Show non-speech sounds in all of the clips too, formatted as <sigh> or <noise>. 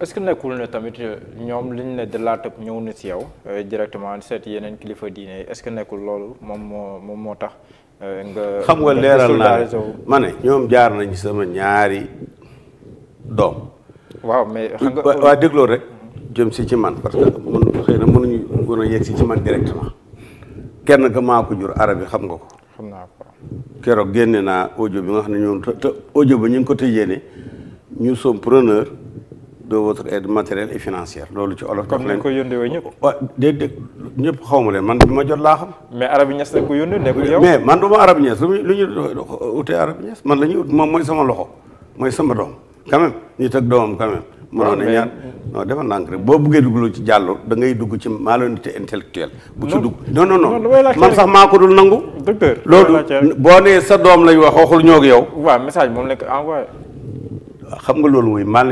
est-ce que nekkul ne tamit ñoom liñ ne de laata ñëw na si yow euh, directement seet yeneen kilifa diine est-ce que nekkul loolu moom moo moom moo tax euh, nga xam nga leeral naa ma ne ñoom jaar nañ sama ñaari doom waaw mais xam nga waaw dégloo rek jëm si ci man parce que mën xëy na mënuñu gën a yegg si ci man directement kenn ka maa ko jur arab yi xam nga ko xam naa ko keroog génne naa audio bi nga xam ne ñoom te audio ba ñu ngi ko tëjee ne ñu sommes preneur de votre aide matérielle et financière loolu ci olof. ko yónnee woon ñëpp. waaw déedéet xaw ma leen man bi ma jot laa xam. mais la ko yónnee nekkul man du ma arabi ñes lu ñu lu ñu utee man la ut moom mooy sama loxo mooy sama doom quand même ñu teg doomam quand même. mënoon na ñaan non dafa boo buggee dugg ci jàll da ngay dugg ci malhonnêteté intellectuelle bu ci dugg non non non man sax maa ko dul nangu docteur loolu boo nee sa doom lañ wax waxul ñoo ak xam nga loolu mooy mal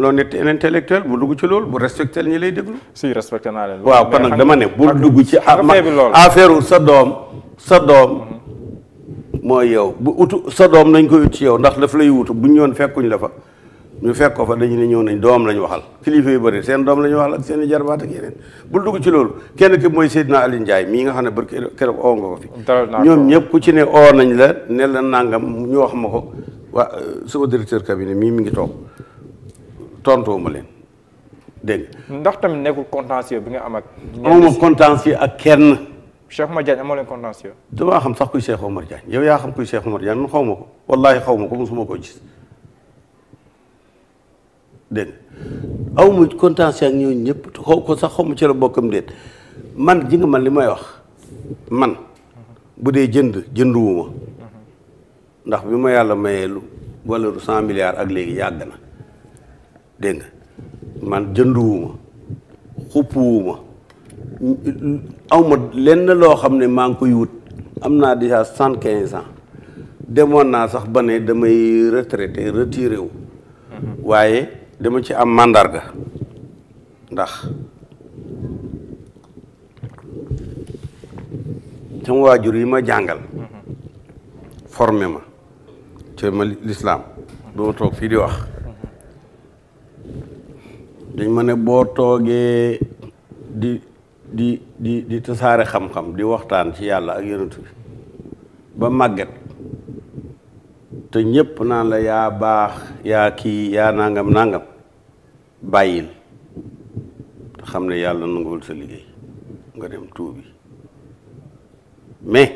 loo nekk intellectuel bu dugg ci loolu bu respecté ñi lay déglu. si respecté naa leen. waaw kon nag dama ne bu dugg ci. Ah, affaire sa doom sa doom. Mhm. mooy yow bu utu sa doom nañ koy ut yow ndax daf lay wutu bu ñu ñëwoon fekkuñ la fa ñu fekk ko fa dañu ne ñëw nañ doom lañ waxal kilifa yu bëri seen doom lañ waxal ak seen i jarbaat ak bul dugg ci loolu kenn ki mooy Seydina Aliou Ndiaye mii nga xam ne bër keroog oo nga ko fi. ñoom ñëpp ku ci ne oo nañ la ne la nangam ñu wax ma ko waa sama directeur cabinet mii mi ngi toog tontoo ma leen dégg ndax tamit nekkul contentieux bi nga am ak. amuma contentieux ak kenn. Cheikh Omar Diagne amoo leen contentieux. damaa xam sax kuy Cheikh Omar Diagne yow yaa xam kuy Cheikh Omar Diagne man xaw ma ko wallaahi xaw ma ko mosuma ko gis dégg nga aw ma contentieux ak ñooñu ñëpp xaw ko sax xaw ma ci bokkam déet man ji nga man li may wax man bu dee jënd jënduwuma ndax bi ma yàlla mayee lu valeur cent milliards ak léegi yàgg na dégg man jënduwuma xuppuwuma awma lenn loo xam ne maa ngi koy wut am naa déjà cent quinze ans demoon naa sax ba ne damay retraité retiré mhm. waaye dama ci am màndarga ndax sama waajur yi ma jàngal mhm. formé ca ma lislaam doo toog fii di wax dañ ma ne boo toogee di di di di tasaare xam-xam di waxtaan ci yàlla ak yonent bi ba màgget te ñépp naan la yaa baax yaa kii yaa nangam nangam bàyyil te xam ne yàlla nanguwul sa liggéey nga dem tuubi mais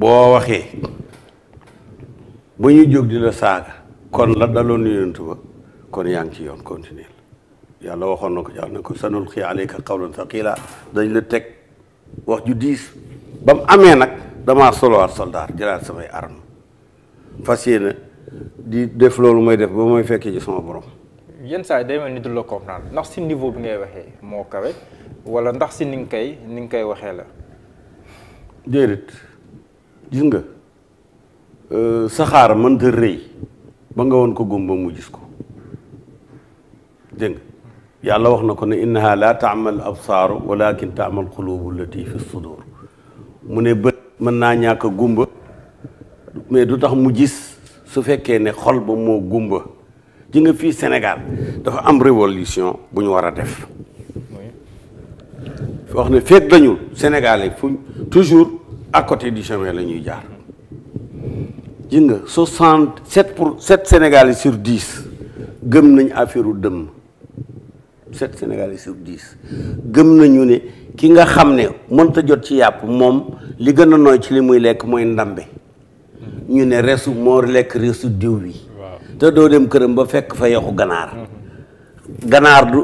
boo waxee ba ñuy jóg di la saaga kon la daloon yonent ba kon yan ci yoon continuer yàlla waxoon na ko jaax na ko sanulqi alayka qawlan thaqila dañ la teg wax ju diis ba mu amee nag damaa solowaat soldaar jëlaat samay aram fas yéen di def loolu may def ba mooy fekkee ci sama borom yenn saa yi day mel ni du la comprendre ndax si niveau bi ngay waxee moo kawe wala ndax si ni nga koy ni nga koy waxee la déedéet gis nga Euh, saxaara mënta rëy ba nga woon ko gumba mu gis ko dégg nga yàlla wax na ko ne innaha la taamal absaaru walakin taamal qulubu lati fi sudur mu ne bët mën naa ñàkk a gumba mais du tax mu gis su fekkee ne xol ba moo gumba ji nga fii Sénégal dafa am révolution bu ñu war a def wax ne feet dañul Sénégalais fu toujours à côté du chemin la ñuy jaar ji nga soixante sept pour sept Sénégalais sur dix gëm nañ affaire dëmm sept Sénégalais sur diis gëm nañu ne ki nga xam ne mënta jot ci yàpp moom li gën a nooy ci li muy lekk mooy ndambe ñu ne resu moo lekk resu diw wi te doo dem këram ba fekk fa yaxu ganaar ganaar du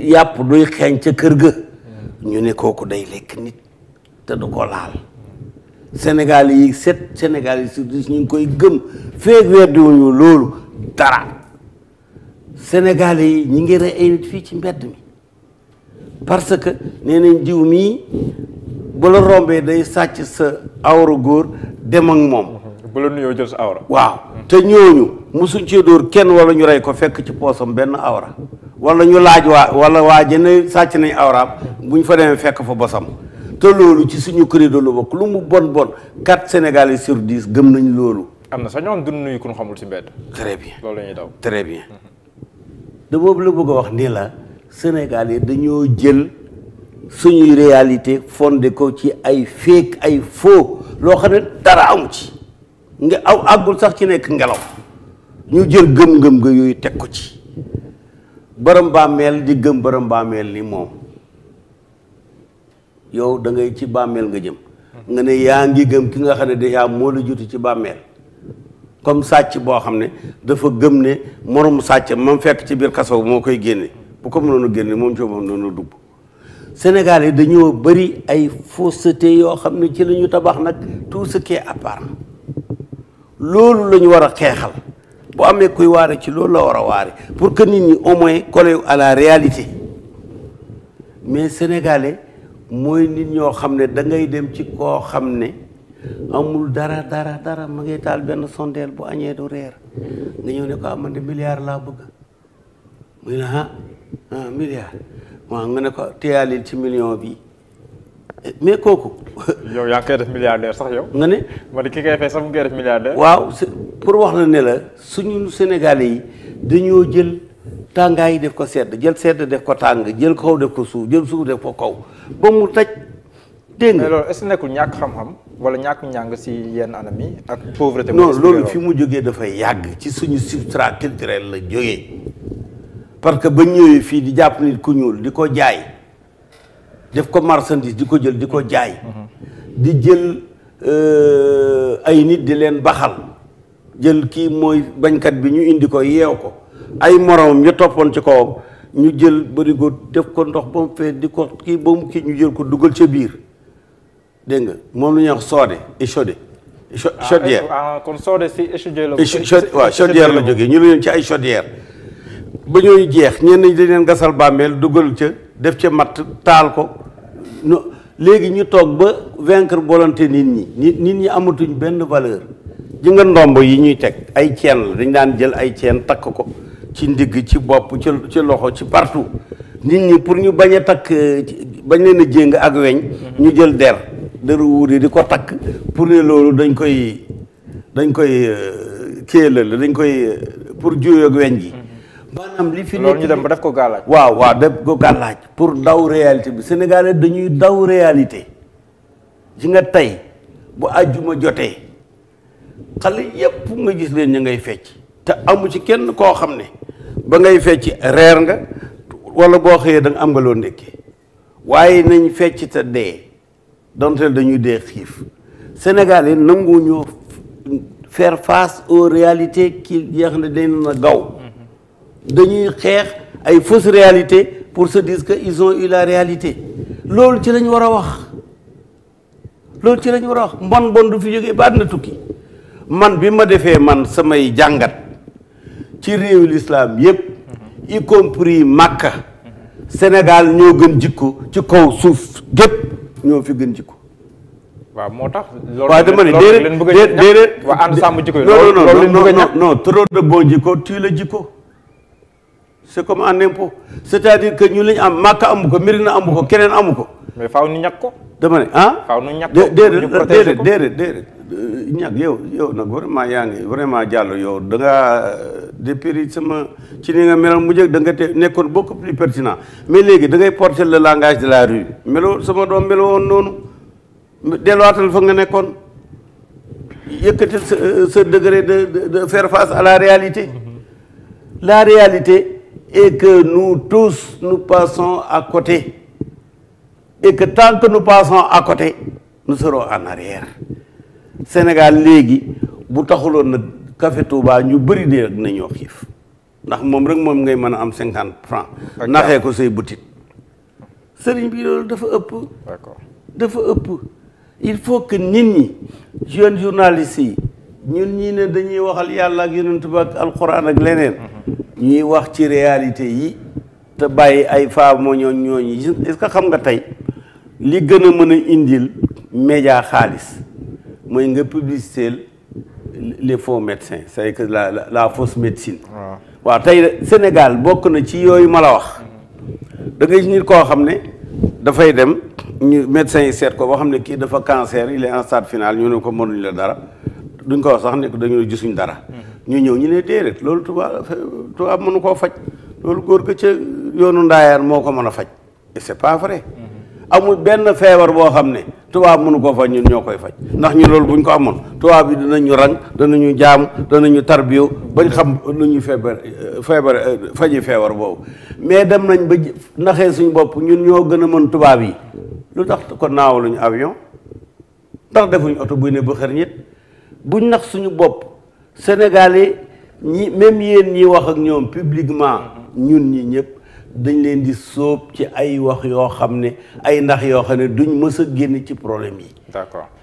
yàpp duy xeeñ ca kër ga mm. ñu ne kooku day lekk nit te du ko laal Sénégal yi set Sénégal yi surtout ñu ngi koy gën feeg weddiwuñu loolu dara Sénégal yi ñu ngi rey ay nit fii ci mbedd mi parce que nee jiw diw mii bu rombee day sàcc sa awra góor dem ak moom. awra. waaw te ñooñu mosuñ cee dóor kenn wala ñu rey ko fekk ci poosam benn awra walla ñu laaj waa wala waa jënd sàcc nañ awraam bu ñu fa demee fekk fa bosam. te loolu ci suñu credo lu bokk lu mu bon bon quatre Sénégalais sur dix gëm nañ loolu. am na sax ñoo xam ko nuyu xamul ci mbedd. très bien loolu lañuy ñuy daw très bien. Mhm. de boobu la bëgg a wax ni la Sénégalais dañoo jël suñuy réalité de ko ci ay fake ay faux loo xam ne dara amu ci nga aw àggul sax ci nekk ngelaw ñu jël gëm-gëm nga yooyu teg ko ci borom di gëm borom bàmmeel ni moom. yow da ngay ci bàmmeel nga jëm nga ne yaa ngi gëm ki nga xam ne dèjà moo la juti ci bàmmeel comme sàcc boo xam ne dafa gëm ne moromu sàcc mam fekk ci biir kaso moo koy génne bu ko mënoon a génne moom ci moom noonu dugg Sénégal yi dañoo bëri ay fausseté yoo xam ne ci la tabax nag tout ce qui est apparent loolu lañu war a xeexal boo amee kuy waare ci loolu la war a waare pour que nit ñi au moins collé à la réalité mais sénégalais mooy nit ñoo xam ne da ngay dem ci koo xam ne amul dara dara dara ma ngay taal benn sondeel bu añee du reer nga ñëw ne ko ah man de milliard laa bëgg muy la ah ah milliard waaw nga ne ko téyaalil ci million bi mais kooku. <laughs> yow yaa ngi koy def milliardaire sax yow. nga ne. ma ne ki koy fay sax mu ngi def milliardaire. waaw pour wax la ne la suñu Sénégalais yi dañoo jël. tàngaay yi def ko sedd jël sedd def ko tàng jël kaw def ko suuf jël suuf def ko kaw ba mu taj dégg nga loolu est ce nekkul ñàkk xam-xam si yenn ak pauvreté non loolu fi mu jógee dafa yàgg ci suñu substrat culturel la jógee parce que ba ñëwee fii di jàpp nit ku ñuul di ko jaay def ko marchandise di ko jël di ko jaay mhm. di jël euh, ay nit di leen baxal jël kii mooy bañkat bi ñu indi ko yeew ko ay moromam ya toppoon ci kawam ñu jël bërigo def ko ndox ba mu fee di ko kii ba mu kii ñu jël ko dugal ca biir dégg nga moom lu ñuy wax soode échaudé. Ah, chaudière ah, kon soode si échaudière la. waaw chaudière la jógee ñu ne leen ci ay chaudière ba ñooy jeex ñenn ñi dañ leen gasal bàmmeel dugal ca def ca matt taal ko no léegi ñu toog ba vaincre volonté nit ñi nit nit ñi amatuñ benn valeur ji nga ndomb yi ñuy teg ay ceen la dañ daan jël ay ceen takk ko ci ndigg ci bopp ci ci loxo ci partout nit ñi pour ñu bañ a takk bañ leen a jéng ak weñ ñu jël der deru wuur yi di ko takk pour ne loolu dañ koy dañ koy euh, kéelal dañ koy euh, pour juyoo ak weñ gi maanaam li fi loolu ñu dem ba def ko gàllaaj waaw waaw def ko gàllaaj pour daw réalité bi sénégalais dañuy daw réalité ci nga tey bu àjjuma jotee xale yépp nga gis leen ñu ngay fecc te amu ci kenn koo xam ne ba ngay fecc reer nga wala boo xëyee da am nga loo ndékki waaye nañ fecc te dee donte dañuy dee xiif Sénégal yi nangu ñoo faire face aux réalités qui jeex na dañ na gaw dañuy xeex ay fausses réalités pour se dire que ils eu la réalité loolu ci lañ war a wax loolu ci lañ war a wax mbon mbon du fi jógee ba àddina tukki man bi ma defee man samay jàngat ci réewu lislaam yépp y compris Makka Sénégal ñoo gën jikko ci kaw suuf gépp ñoo fi gën jikko waaw moo tax waaw dama ne déedéet déedéet déedéet waa ànd sàmm jikko yi loolu non non non trop de bon jikko tii la jikko c'est comme en impôt c'est-à-dire que ñu lañ am Makka amu ko Medina amu ko keneen amu ko mais faaw ñu ñàkk ko dama ne ah faaw ñu ñàkk ko déedéet déedéet déedéet ñàkk yow yow nag vraiment yaa ngi vraiment Diallo yow danga ngaa depuis sama ci ni nga meloon mu jëkk da nga te nekkoon beaucoup plus pertinent mais léegi da ngay le langage la rue meloo sama doom meloo noonu delluwaatal fa nga nekkoon yëkkatil sa sa degré de de face à la réalité la réalité est que nous tous nous passons à côté et que tant que nous passons à côté nu serons en arrière Sénégal léegi bu taxuloon na kafe Touba ñu bëri dee ak nañoo xiif ndax moom rek moom ngay mën a am cinquante franc naxee ko say butit sëriñ bi loolu dafa ëpp dafa ëpp il faut que nit ñi jeunes journalistes yi ñun ñii ne dañuy waxal yàlla ak yonent ba ak alxuraan ak leneen mm-hmm. ñuy wax ci réalité yi te bàyyi ay faa moo ñooñ ñooñu est-ce que xam nga tey li gën a mën a indil média xaalis mooy nga publicité les faux médecins c'est que la la, la fausse médecine. waaw tey Sénégal bokk na ci yooyu ma la wax. Mm-hmm. da ngay nit koo xam ne dafay dem ñu médecin yi seet ko boo xam ne kii dafa cancer il est en stade final ñu ne ko mënuñ la dara duñ ko wax sax ne dañu gisuñ dara. Mm-hmm. ñu ñëw ñu ne déedéet loolu tubaab tubaab mënu koo faj loolu góor ga yoonu ndaayaan moo ko mën a faj c'est pas vrai. amul benn feebar boo xam ne tubaab mënu koo faj ñun ñoo koy faj ndax ñu loolu buñ ko amoon tubaab yi dinañu rang danañu jaam danañu tarbiyo bañ xam lu ñuy feebar feebar faji feebar boobu mais dem nañ ba naxee suñ bopp ñun ñoo gën a mën tubaab yi lu tax ko naawaluñu avion ndax defuñ oto buy ne bu xër buñ nax suñu bopp Sénégalais ñi même yéen ñi wax ak ñoom publiquement ñun ñi ñëpp dañ leen di sóob ci ay wax yoo xam ne ay ndax yoo xam ne duñ mës a génn ci problème yi. d'accord